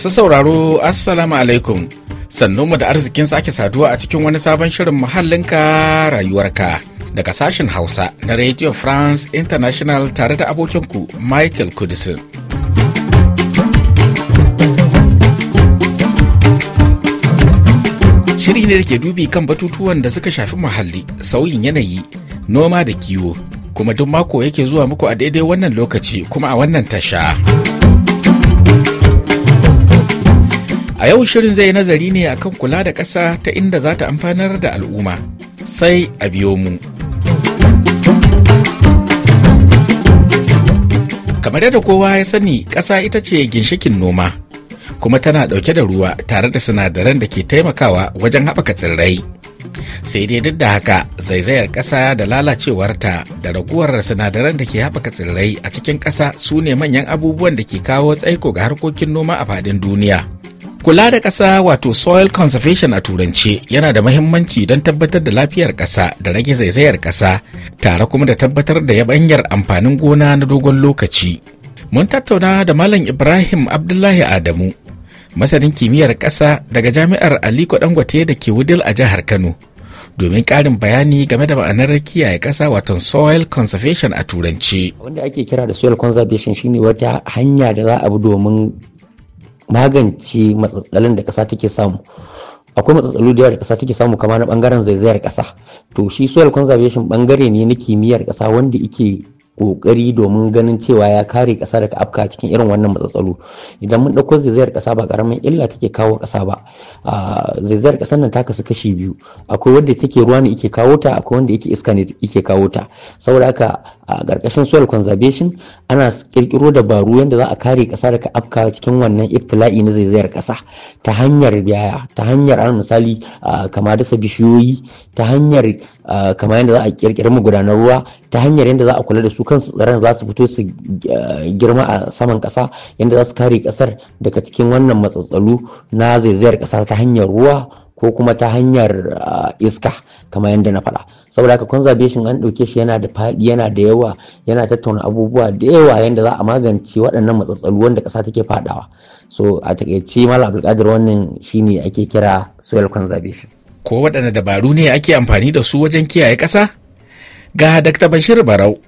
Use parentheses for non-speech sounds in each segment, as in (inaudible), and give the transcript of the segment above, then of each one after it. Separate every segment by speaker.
Speaker 1: Masu sauraro Assalamu alaikum sannunmu da arzikin sake saduwa a cikin wani sabon shirin muhallinka rayuwarka daga sashen Hausa na Radio France International tare da abokinku Michael Kudisin. Shiri ne da ke dubi kan batutuwan da suka shafi muhalli, sauyin yanayi, noma da kiwo, kuma duk mako yake zuwa muku a daidai wannan lokaci kuma a wannan tasha. A yau shirin zai nazari ne akan kula da ƙasa ta inda za ta amfanar da al'umma. Sai a biyo mu. Kamar yadda kowa ya sani, ƙasa ita ce ginshikin noma, kuma tana ɗauke da ruwa tare da sinadaran da ke taimakawa wajen haɓaka tsirrai. Sai dai duk da haka zaizayar ƙasa da lalacewarta da raguwar sinadaran da ke haɓaka tsirrai a cikin ƙasa su ne manyan abubuwan da ke kawo tsaiko ga harkokin noma a faɗin duniya. Kula da ƙasa wato soil conservation a turance yana da mahimmanci don tabbatar da lafiyar ƙasa da rage zaizayar ƙasa tare kuma da tabbatar da yabanyar amfanin gona na dogon lokaci. Mun tattauna da Malam Ibrahim Abdullahi Adamu, masanin kimiyyar ƙasa daga Jami'ar Aliko Dangote da ke Wudil a jihar Kano. domin ƙarin bayani game da ma'anar kiyaye ƙasa wato soil conservation a Turance.
Speaker 2: Wanda ake kira da soil conservation shine wata hanya da za a bi domin magance matsatsalin da ƙasa take samu akwai matsatsalu da yawa da ƙasa take samu kamar na ɓangaren zaizayar ƙasa to shi soil conservation ɓangare ne na kimiyyar ƙasa wanda yake kokari domin ganin cewa ya kare kasa daga afka cikin irin wannan matsatsalo idan mun dauko zaizayar kasa ba karamin illa take kawo kasa ba zaizayar kasar nan ta kasu kashi biyu akwai wanda take ruwa ne yake kawo ta akwai wanda yake iska ne yake kawo ta saboda haka a karkashin soil conservation ana kirkiro dabaru yadda za a kare kasa daga afka cikin wannan iftila'i na zaizayar kasa ta hanyar yaya ta hanyar an misali kamar dasa bishiyoyi ta hanyar kamar yadda za a kirkiri magudanar ruwa ta hanyar yadda za a kula da su kansu tsaron za su fito su eh, girma a saman kasa yadda za su kare kasar daga cikin wannan matsatsalu na zaizayar kasa ta hanyar ruwa ko kuma ta hanyar eh, iska kamar yadda na faɗa saboda haka conservation an ɗauke shi yana da faɗi yana da yawa yana tattauna abubuwa da yawa yadda za a magance waɗannan matsatsalu wanda ƙasa take faɗawa so a taƙaice malam abdulkadir wannan shine ake kira soil conservation
Speaker 1: ko waɗanne dabaru
Speaker 2: ne ake amfani da su wajen kiyaye ƙasa
Speaker 1: ga dr bashir barau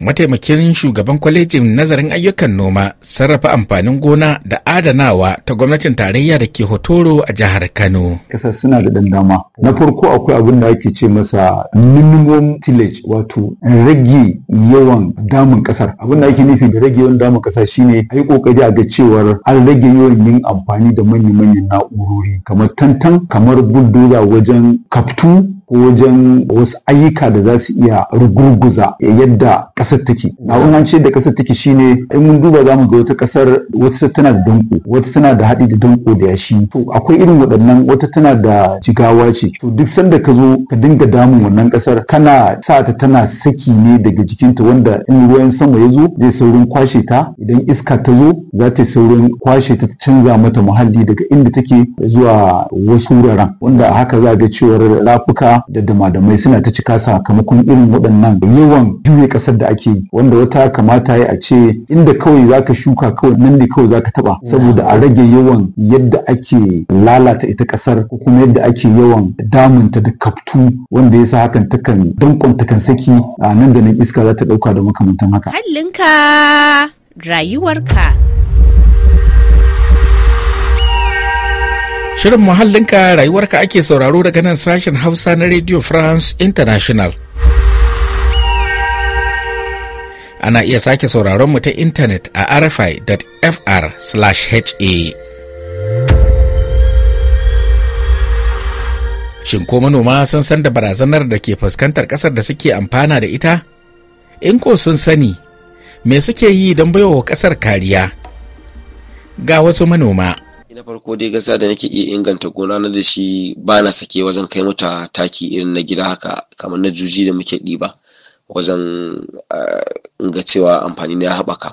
Speaker 1: mataimakin shugaban kwalejin nazarin ayyukan noma sarrafa amfanin gona da adanawa ta gwamnatin tarayya da ke hotoro a jihar kano kasar suna da dandama
Speaker 3: na farko akwai abin da ake ce masa minimum tillage wato rage yawan damun kasar abin da ake nufi da rage yawan damun kasa shine ai kokari a ga cewar an rage yawan yin amfani da manya-manyan na'urori kamar tantan kamar buldoza wajen kaftu ko wajen wasu ayyuka da za su iya rugurguza yadda ƙasar take Na an ce da ƙasar take shine in mun duba za mu ga wata ƙasar wata tana da danko wata tana da haɗi da danko da yashi to akwai irin waɗannan wata tana da jigawa ce to duk sanda ka zo ka dinga damun wannan ƙasar kana sa ta tana saki ne daga jikinta wanda in ruwan sama ya zo zai saurin kwashe ta idan iska ta zo za ta saurin kwashe ta canza mata muhalli daga inda take zuwa wasu wuraren wanda haka za ga cewar rafuka da da damadamai suna ta cika sakamakon irin waɗannan yawan juye ƙasar da ake yi wanda wata kamata ya a ce inda kawai zaka shuka kawai nan ne kawai zaka taɓa. saboda a rage yawan yadda ake lalata ita ƙasar ko kuma yadda ake yawan damunta da kaftu wanda yasa hakan takan dankon kan saki a nan da nan iska za ta ɗauka da makamantan haka.
Speaker 4: Hallinka rayuwarka.
Speaker 1: Shirin muhallinka rayuwarka ake sauraro daga nan sashen Hausa na Radio France International. Ana iya sake sauraron mu ta intanet a rfi.fr/ha. Shin ko manoma sun san da barazanar da ke fuskantar ƙasar da suke amfana da ita? In ko sun sani, me suke yi don baiwa ƙasar kariya? Ga wasu manoma.
Speaker 4: na farko dai gasa da nake iya inganta gona na da shi ba na sake wajen kai mata taki irin na gida haka kamar na juji da muke ɗiba wajen eh, ga cewa amfani na haɓaka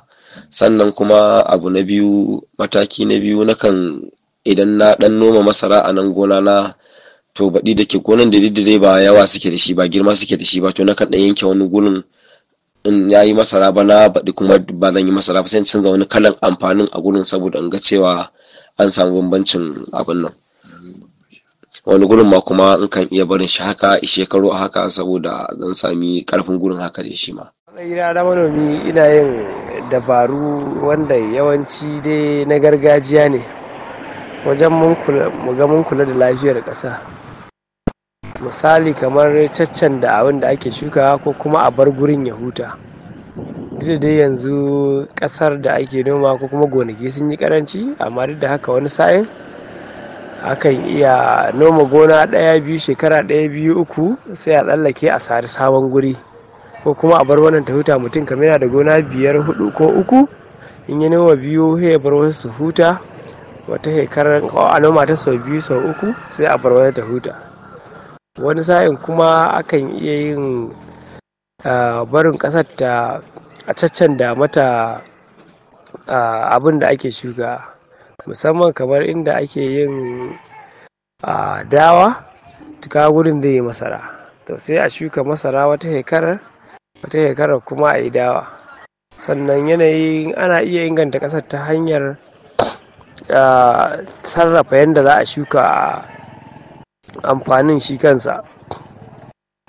Speaker 4: sannan kuma abu na biyu mataki na biyu kan idan na ɗan noma masara a nan gona na to baɗi da ke gonan da dai ba yawa suke da shi ba girma suke da shi ba to nakan ɗan yanke wani gurin in ya yi masara ba na baɗi kuma ba zan yi masara ba sai canza wani kalan amfanin a gurin saboda in ga cewa an samu bambancin abin nan wani gurin ma kuma in kan iya barin shi haka shekaru a haka saboda zan sami karfin gurin haka da shi ma
Speaker 5: gida na manomi ina yin dabaru wanda yawanci dai na gargajiya ne wajen mu mun kula da lafiyar ƙasa misali kamar caccan da abin da ake shuka ko kuma a bar gurin ya huta duk da dai yanzu kasar da ake noma ko kuma gonaki sun yi karanci amma duk da haka wani sa'in akan iya noma gona ɗaya biyu shekara ɗaya biyu uku sai a tsallake a sari sabon guri ko kuma a bar wannan ta huta mutum kamar yana da gona biyar hudu ko uku in ya noma biyu sai ya bar wasu su huta wata shekarar a noma ta sau biyu sau uku sai a bar wani ta huta wani sa'in kuma akan iya yin ah, barin ƙasar ta a caccanda mata abin da ake shuka musamman kamar inda ake yin dawa tuka wurin zai yi masara to sai a shuka masara wata shekarar wata shekarar kuma a yi dawa sannan yanayi ana iya inganta ƙasar ta hanyar sarrafa yadda za a shuka amfanin shi kansa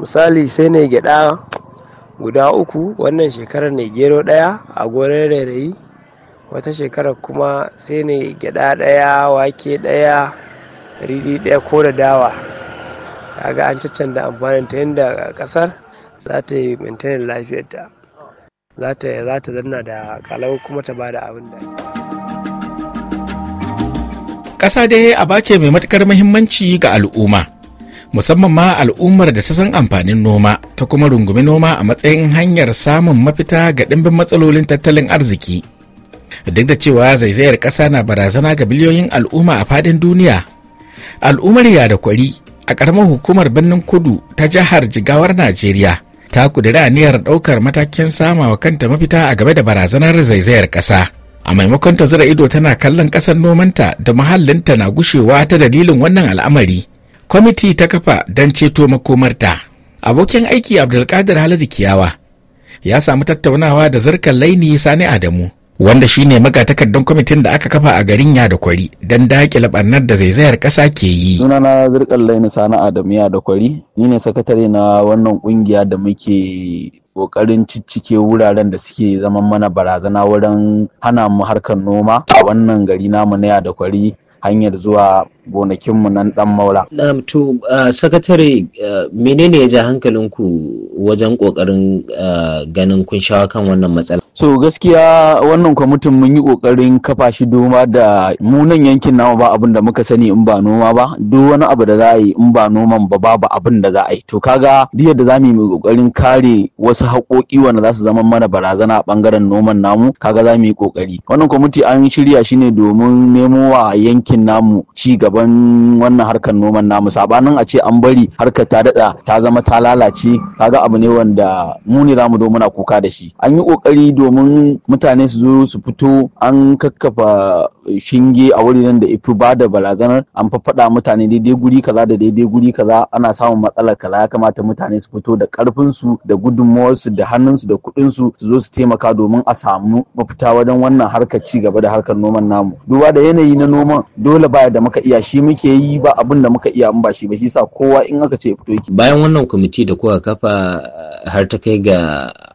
Speaker 5: misali sai ne gyaɗa guda uku wannan shekarar ne gero ɗaya a gonar rairayi wata shekarar kuma sai ne gyaɗa ɗaya wake ɗaya riri daya ko da dawa kaga an da amfanin ta yadda kasar za ta yi maintainin lafiyarta za ta za ta zanna da kalau kuma ta bada abin da
Speaker 1: ƙasa dai a bace mai matukar muhimmanci ga al'umma musamman ma al'ummar da ta san amfanin noma ta kuma rungumi noma a matsayin hanyar samun mafita ga ɗimbin matsalolin tattalin arziki duk da cewa zaizayar ƙasa na barazana ga biliyoyin al'umma a faɗin duniya al'ummar kwari a ƙaramar hukumar birnin kudu ta jihar jigawar najeriya ta kudura aniyar ɗaukar matakin sama wa kanta mafita a game da barazanar zaizayar ƙasa a maimakon ta zura ido tana kallon ƙasar nomanta da muhallinta na gushewa ta dalilin wannan al'amari kwamiti ta kafa don ceto makomarta abokin aiki abdulkadir haladu kiyawa ya samu tattaunawa da zarkan laini sani adamu wanda shine magatakardan kwamitin da aka kafa a garin yadakwari don daƙile barnar da zaizayar ƙasa
Speaker 6: ke yi sunana zirkan laini sani adamu yadakwari ni ne sakatare na wannan ƙungiya da muke ƙoƙarin ciccike wuraren da suke zaman mana barazana wurin hana mu harkar noma a wannan gari namu na da kwari hanyar zuwa gonakinmu nan dan maula. Na'am sakatare menene ya ja hankalinku
Speaker 4: wajen kokarin ganin kun shawo kan wannan matsala?
Speaker 6: so gaskiya wannan kwamitin mun yi kokarin kafa shi doma da mu nan yankin namu ba abin da muka sani in ba noma ba duk wani abu da za a yi in ba noman ba babu abin da za a yi to kaga duk yadda za mu yi kokarin kare wasu haƙoƙi wanda za su zama mana barazana a bangaren noman namu kaga za mu yi kokari wannan kwamiti an shirya shi ne domin nemo wa yankin namu ci gaban wannan harkar noman namu sabanin a ce an bari harkar ta daɗa ta zama ta lalace kaga abu ne wanda mu ne za mu zo muna kuka da shi an yi kokari domin mutane su zo su fito an kakkafa shinge a nan da ifi ba da barazanar an faɗa mutane daidai guri kaza da daidai guri kaza ana samun matsalar kaza ya kamata mutane su fito da ƙarfinsu da gudunmawarsu da hannunsu da kuɗinsu su zo su taimaka domin a samu mafita wajen wannan harkar ci gaba da harkar noman namu duba da yanayi na noman dole baya da muka iya shi muke yi ba abin da muka iya in ba shi ba shi sa kowa in aka ce fito yake
Speaker 4: bayan wannan kwamiti da kuka kafa har ta kai ga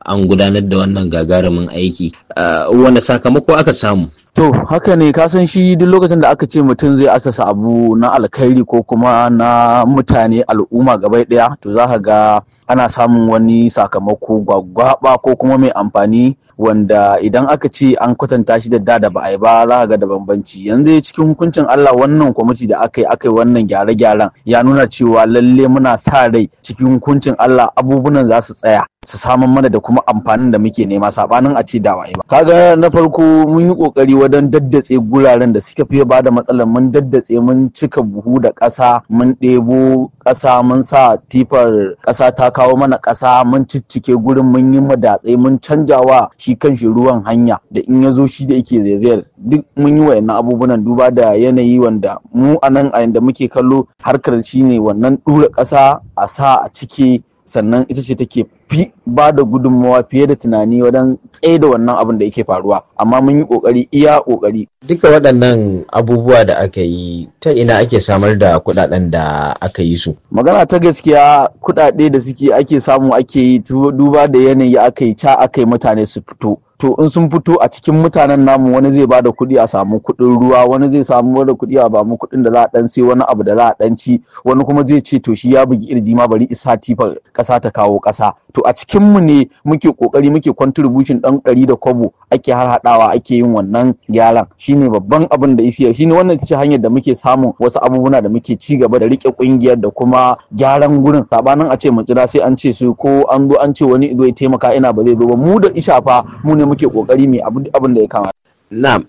Speaker 4: an gudanar da wannan gagarumin aiki ah, wanda sakamako aka samu
Speaker 6: To haka ne ka san shi duk lokacin da aka ce mutum zai asasa abu na alkhairi ko kuma na mutane al'umma gabai ɗaya to za ka ga ana samun wani sakamako gwagwaba ko kuma mai amfani wanda idan aka ce an kwatanta shi da da da ba a yi ba za ga da bambanci yanzu cikin hukuncin Allah wannan kwamiti da aka yi aka yi wannan gyare-gyaren ya nuna cewa lalle muna sa rai cikin hukuncin Allah abubuwan za su tsaya su samun mana da kuma amfanin da muke nema sabanin a ce da ba kaga na farko mun yi kokari wajen daddatse guraren da suka fiye bada matsalar mun daddatse mun cika buhu da kasa mun ɗebo ƙasa mun sa tifar kasa ta kawo mana kasa mun ciccike gurin mun yi madatse mun canjawa wa. shi kanshi ruwan hanya da in ya zo shi da yake zaizayar duk mun yi wayannan abubuwan duba da yanayi wanda mu anan nan a yanda muke kallo harkar shine wannan dura ƙasa a sa a cike sannan ita ce take fi ba da gudunmawa fiye da tunani wajen tsaye da wannan abin da yake faruwa amma mun yi kokari iya kokari duka waɗannan abubuwa da aka yi ta ina ake samar da kuɗaɗen da aka yi su magana ta gaskiya kuɗaɗe da suke ake samu ake yi duba da yanayi aka yi ta aka yi mutane su fito to in sun fito a cikin mutanen namu wani zai bada kuɗi a samu kuɗin ruwa wani zai samu da kuɗi a bamu kuɗin da za a ɗan sai wani abu da za a ɗan ci wani kuma zai ce to shi ya bugi irji ma bari isa tifa ƙasa ta kawo ƙasa to a cikin mu ne muke ƙoƙari muke contribution ɗan ɗari da kwabo ake har haɗawa ake yin wannan gyaran shine babban abin da isiya shine wannan ce hanyar da muke samun wasu abubuwa da muke ci gaba da riƙe ƙungiyar da kuma gyaran gurin sabanin a ce mu jira sai an ce su ko an zo an ce wani zo taimaka ina ba zai zo ba mu da ishafa mu ne muke kokari mai abin da ya kamata
Speaker 4: na'am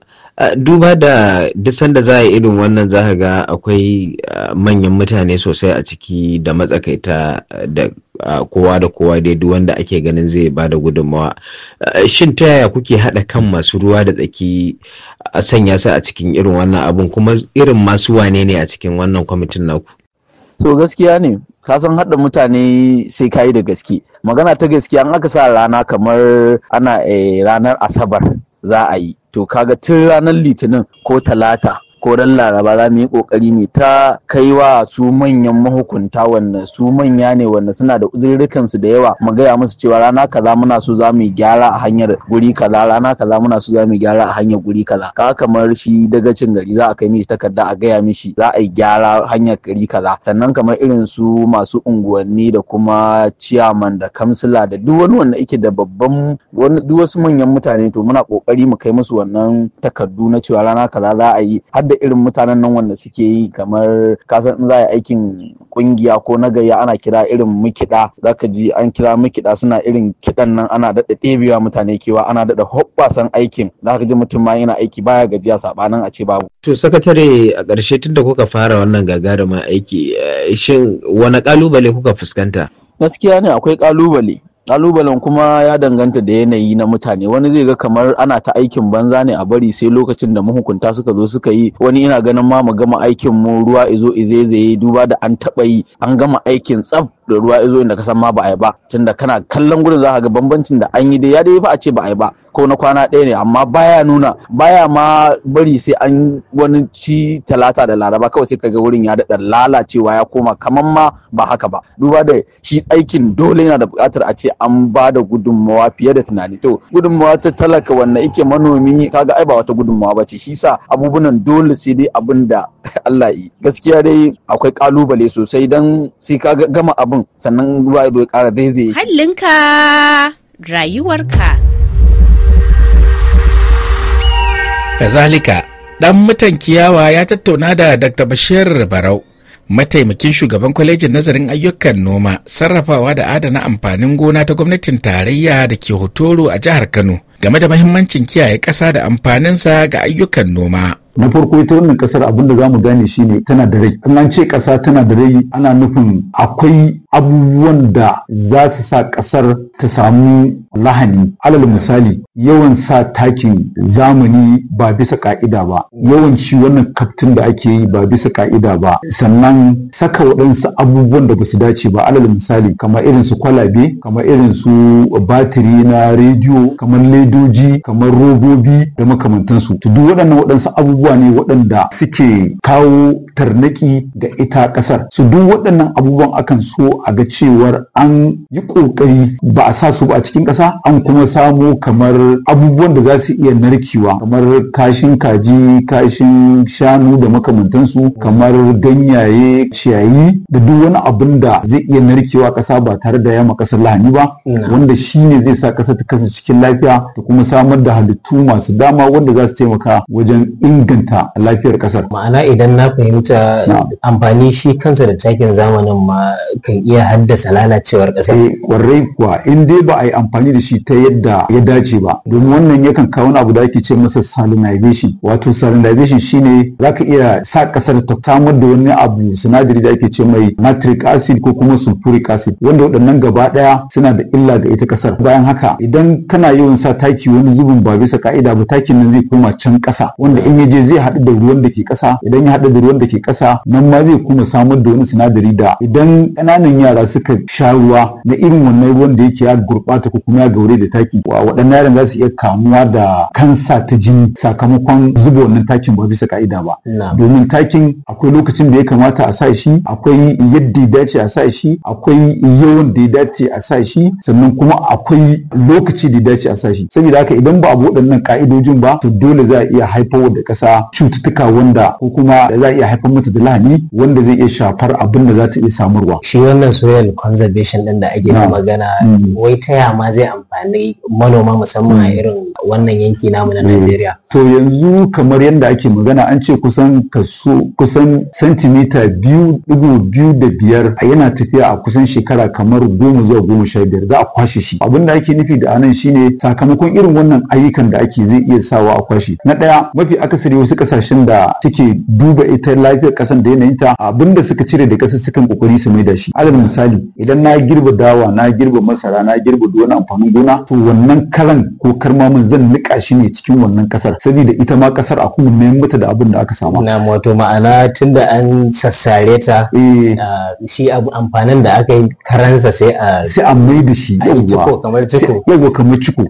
Speaker 4: duba da duk da za a yi irin wannan za ga akwai manyan mutane sosai a ciki da matsakaita da kowa da kowa dai duk wanda ake ganin zai ba da gudunmawa shin ta yaya kuke haɗa kan masu ruwa da tsaki a sanya su a cikin irin wannan abun kuma irin masu wane ne a cikin wannan
Speaker 6: kwamitin naku so gaskiya ne ka san haɗa mutane sai ka yi da gaske magana ta gaske an aka sa rana kamar ana eh, ranar asabar za a yi to kaga tun ranar litinin ko talata ko ran laraba za mu yi kokari mu ta kaiwa su manyan mahukunta wanda su manya ne wanda suna da uzurrukan su da yawa mu gaya musu cewa rana kaza muna so za mu gyara a hanyar guri kaza rana kaza muna so za mu gyara a hanyar guri kaza ka kamar shi dagacin gari za a kai mishi takarda a gaya mishi za a yi gyara hanyar gari kaza sannan kamar irin su masu unguwanni da kuma ciyaman da kamsila da duk wani wanda yake da babban wani duk wasu manyan mutane to muna kokari mu kai musu wannan takardu na cewa rana kaza za a yi har da irin mutanen nan wanda suke yi kamar kasan in za a yi aikin kungiya ko na gayya ana kira irin za ka ji an kira makiɗa suna irin kiɗan nan ana daɗa ɗebewa mutane kewa ana daɗa hoɓɓasan aikin za ka ji mutum ma yana aiki baya gajiya sabanin a ce babu.
Speaker 4: to sakatare a ƙarshe tun da kuka fara wannan gagarumin aiki eh, shin wani ƙalubale kuka fuskanta.
Speaker 6: gaskiya ne akwai ƙalubale kalubalen kuma ya danganta da yanayi na mutane wani zai ga kamar ana ta aikin banza ne a bari sai lokacin da mahukunta suka zo suka yi wani ina ganin ma mu gama aikin mu ruwa izo izaizaye duba da an taba yi an gama aikin tsaf da ruwa zo inda ka san ma ba a yi ba tunda kana kallon gurin ka ga bambancin da an yi dai ya dai fa a ce ba a yi ba ko na kwana ɗaya ne amma baya nuna baya ma bari sai an wani ci talata da laraba kawai sai ka ga wurin ya daɗa lalacewa ya koma kamar ma ba haka ba duba da shi aikin dole yana da buƙatar a ce an ba da gudunmawa fiye da tunani to gudunmawa ta talaka wanda yake manomi kaga ai ba wata gudunmawa ba ce shi sa abubuwan dole sai dai abin da (laughs) Allah yi gaskiya dai akwai kalubale sosai dan sai ka gama abin ruwan sannan ruwa ya zo ya ƙara zaizaye.
Speaker 2: Hallinka
Speaker 4: rayuwarka.
Speaker 1: Kazalika, ɗan mutan kiyawa ya tattauna da Dr. Bashir Barau, mataimakin shugaban kwalejin nazarin ayyukan noma, sarrafawa da adana amfanin gona ta gwamnatin tarayya da ke hotoro a jihar Kano. game da mahimmancin kiyaye ƙasa da amfanin sa ga ayyukan noma. na farko ita wannan ƙasar abin da zamu gane shi ne tana da rai in an
Speaker 3: ce ƙasa tana da rai ana nufin akwai abubuwan da za su sa ƙasar ta samu lahani alal misali yawan sa takin zamani ba bisa ka'ida ba yawan shi wannan kaftin da ake yi ba bisa ka'ida ba sannan saka waɗansu abubuwan da ba dace ba alal misali kamar irin su kwalabe kamar irin su batiri na rediyo kamar ledoji kamar robobi da makamantansu to duk waɗannan waɗansu abubuwa ne waɗanda suke kawo tarnaki ga ita ƙasar su duk waɗannan abubuwan akan so a ga cewar an yi ƙoƙari ba a sa su ba a cikin ƙasa an kuma samu kamar abubuwan da za su iya narkewa kamar kashin kaji kashin shanu da makamantansu kamar ganyaye ciyayi da duk wani abin da zai iya narkewa ƙasa ba tare da yama ƙasar lahani ba wanda shi ne zai sa ƙasa ta kasa cikin lafiya da kuma samar da halittu masu dama wanda za su taimaka wajen inganta lafiyar kasar. Ma'ana idan na fahimta
Speaker 4: amfani shi kansa da takin zamanin ma kan iya
Speaker 3: haddasa lalacewar ƙasar. Eh kwarai kuwa in dai ba a yi amfani da shi ta yadda ya dace ba domin wannan yakan kawo abu da ake ce masa salinization wato salinization shine za ka iya sa ƙasar ta samar da wani abu sinadari da ake ce mai nitric acid ko kuma sulfuric acid wanda waɗannan gaba ɗaya suna da illa ga ita ƙasar. bayan haka idan kana yawan sa ta. taki wani zubin ba bisa ka'ida ba takin nan zai koma can kasa wanda in je zai haɗu da ruwan da ke kasa idan ya haɗu da ruwan da ke kasa nan ma zai koma samar da wani sinadari da idan ƙananan yara suka sha ruwa na irin wannan ruwan da yake ya gurɓata ko kuma ya gaure da taki waɗannan yaran za su iya kamuwa da kansa ta jini sakamakon zuba wannan takin ba bisa ka'ida ba domin takin akwai lokacin da ya kamata a sa shi akwai yadda ya dace a sa shi akwai yawan da ya dace a sa shi sannan kuma akwai lokaci da ya dace a sa shi saboda haka idan ba a waɗannan ka'idojin ba to dole za a iya haifar da ƙasa cututtuka wanda ko kuma za a iya haifar mata da lahani wanda zai iya shafar abin da za ta iya samarwa shi wannan soil conservation din da ake magana
Speaker 4: mm. wai taya ma zai amfani manoma musamman a mm. irin
Speaker 3: wannan yanki namu na mm. Najeriya to yanzu kamar yadda ake magana an ce kusan kaso kusan santimita biyu ɗigo biyu da biyar yana tafiya a kusan shekara kamar goma zuwa goma sha biyar za a kwashe shi abin da ake nufi da anan shine sakamakon sakamakon irin wannan ayyukan da ake zai iya sawa a kwashe na ɗaya mafi akasari wasu kasashen da suke duba ita lafiyar kasan da ta abinda suka cire da kasa sukan kokari su mai da shi alal misali idan na girba dawa na girba masara na girba wani amfanin gona to wannan kalan ko karmamin zan nika shi ne cikin wannan kasar saboda ita ma kasar a kuma mai mata da abin aka samu na wato ma'ana tunda an sassare ta eh. shi abu amfanin da aka yi karansa sai a sai a mai da shi yauwa kamar ciko yauwa kamar ciko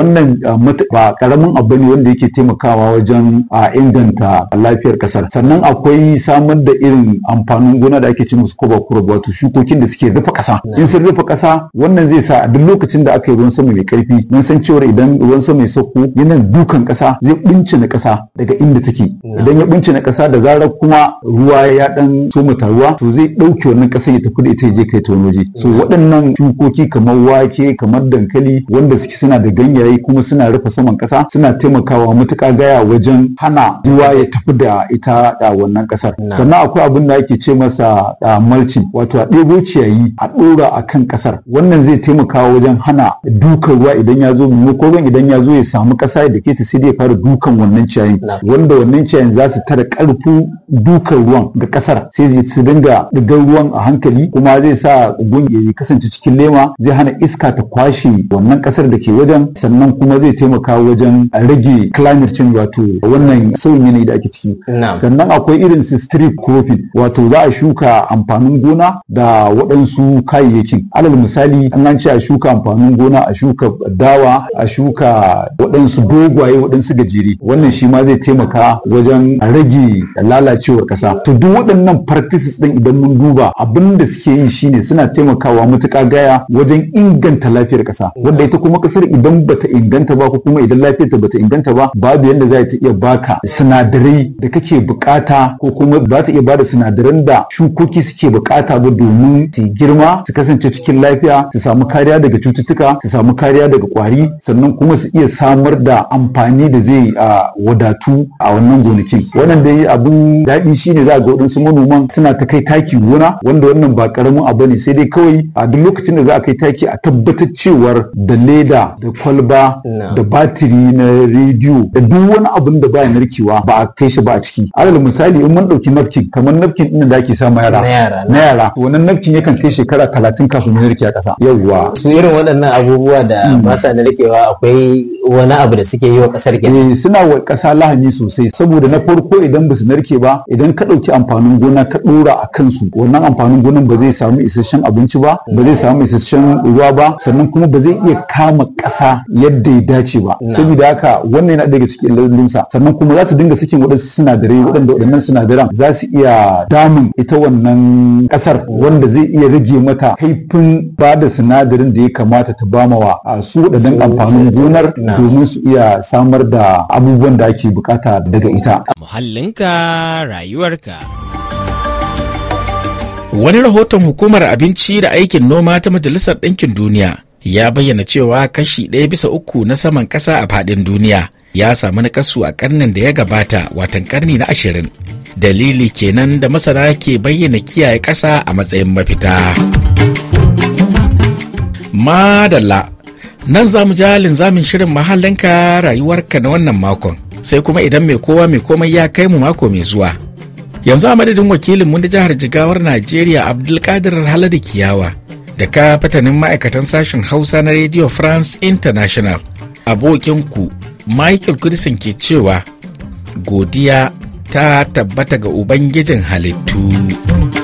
Speaker 3: wannan ah, ba karamin abu ne wanda yake taimakawa wajen a ah, inganta lafiyar kasar sannan akwai samar da irin amfanin gona da ake ce musu koba kurba wato shukokin da suke rufe kasa in sun rufe kasa wannan zai sa a duk lokacin da aka yi ruwan sama mai karfi mun san cewa idan ruwan sama mai sauko yana dukan kasa zai bunce na kasa daga inda take idan ya bunce na kasa da zarar kuma ruwa ya dan soma ruwa to zai dauke wannan kasar ya tafi da ita ya je kai ta wani waje so waɗannan shukoki kamar wake kamar dankali wanda suke suna da ganye Yayi kuma suna rufe saman kasa suna taimakawa matuƙa gaya wajen hana ruwa ya tafi da ita da wannan kasar sannan akwai abin da ake ce masa da mulching wato a ɗebo ciyayi a ɗora a kan ƙasar wannan zai taimakawa wajen hana dukan ruwa idan ya zo maimakon idan ya zo ya samu kasa da ke ta sai dai fara dukan wannan ciyayin wanda wannan ciyayin za su tara ƙarfin dukan ruwan ga kasar sai su dinga ɗigar ruwan a hankali kuma zai sa gun ya kasance cikin lema zai hana iska ta kwashe wannan ƙasar da ke wajen sannan kuma zai taimaka wajen rage climate change wato wannan sauyin yanayi da ake ciki sannan akwai irin su strip cropping wato za a shuka amfanin gona da waɗansu kayayyakin alal misali an an ce a shuka amfanin gona a shuka dawa a shuka waɗansu dogwaye waɗansu gajere wannan shi ma zai taimaka wajen rage lalacewar ƙasa to duk waɗannan practices ɗin idan mun duba abin da suke yi shine suna taimakawa matuƙa gaya wajen inganta lafiyar ƙasa wanda ita kuma ƙasar idan ba bata inganta ba ko kuma idan lafiyarta bata inganta ba babu yadda za ta iya baka sinadarai da kake bukata ko kuma za ta iya bada sinadaran da shukoki suke bukata ba domin su girma su kasance cikin lafiya su samu kariya daga cututtuka su samu kariya daga kwari sannan kuma su iya samar da amfani da zai a wadatu a wannan gonakin wannan dai abin daɗi shine za a ga wadansu manoman suna ta kai taki gona wanda wannan ba karamin abu ne sai dai kawai a duk lokacin da za a kai taki a tabbatar cewar da leda da kwalba ba da batiri na rediyo da duk wani abun da ba narkewa ba a kai shi ba a ciki alal misali in mun ɗauki napkin kamar napkin din da ake samu yara na yara wannan napkin yakan kai shekara 30 kafin ya narke a ƙasa yawwa su irin waɗannan abubuwa da hmm. ba sa narkewa akwai wani abu da suke yi wa ƙasar gida eh, suna wa ƙasa lahani sosai saboda na farko idan ba su narke ba idan ka ɗauki amfanin gona ka ɗora a kansu wannan amfanin gonan ba zai samu isasshen abinci ba ba zai samu isasshen ruwa ba sannan kuma ba zai iya kama kasa yadda ya dace ba saboda haka wannan yana daga cikin lalurinsa sannan kuma za su dinga sakin waɗansu sinadarai waɗanda waɗannan sinadaran za su iya damun ita wannan ƙasar wanda zai iya rage mata haifin ba da sinadarin da ya kamata ta bamawa a su waɗannan amfanin gonar domin su iya samar da abubuwan da
Speaker 1: ake bukata daga ita.
Speaker 4: Muhallinka rayuwarka.
Speaker 1: Wani rahoton hukumar abinci da aikin noma ta Majalisar Ɗinkin Duniya ya bayyana cewa kashi ɗaya bisa uku na saman ƙasa a faɗin duniya ya samu nakasu a ƙarnin da ya gabata watan ƙarni na ashirin dalili kenan da masana ke bayyana kiyaye ƙasa a matsayin mafita madalla nan za mu ja linzamin shirin mahallinka rayuwarka na wannan makon sai kuma idan mai kowa mai komai ya kai mu mako mai zuwa yanzu a madadin wakilin mu na jihar jigawar najeriya abdulkadir haladu kiyawa da ka fatanin ma'aikatan sashen hausa na radio france international abokinku michael kudisin ke cewa godiya ta tabbata ga ubangijin halittu.